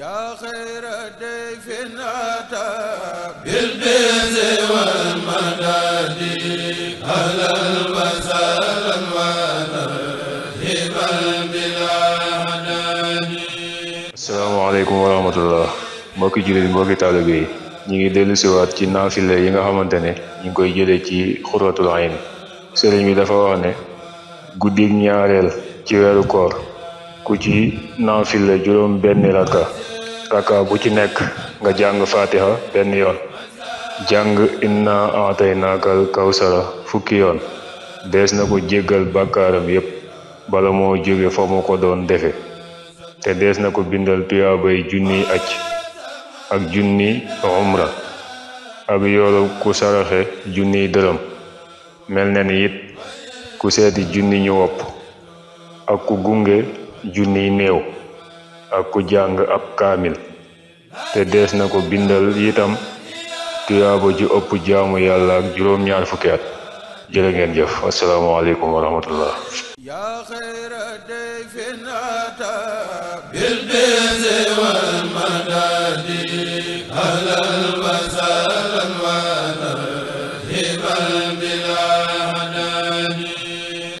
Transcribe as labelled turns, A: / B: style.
A: yaa xayra dayfin bil izi wal madadi ahlan wa sahlan wa tarhiban bilaa adadi asalaamaaleykum wa mbokki jullit mbokki taalibe yi ñu ngi dellu siwaat ci naafile yi nga xamante ne ñu ngi koy jëlee ci xuratul ayn sëriñ bi dafa wax ne guddig ñaareel ci weeru koor ku ci naafila juróom benn raka raka bu ci nekk nga jàng fatiha benn yoon jàng inna ataynaakal kawsara fukki yoon dees na ko jéggal bàkkaaram yépp bala moo jóge fa ko doon defe te dees na ko bindal tuyaabay junniy aj ak junniy umra ak yoolu ku saraxe junniy dërëm mel na ni it ku seeti junni ñu wopp ak ku gunge junniy néew ak ku jàng ab kaamil te dees na ko bindal itam tuyaaba ju ëpp jaamu yàlla ak juróom ñaar fukki at ngeen jëf asalaamaaleykum wa rahmatullah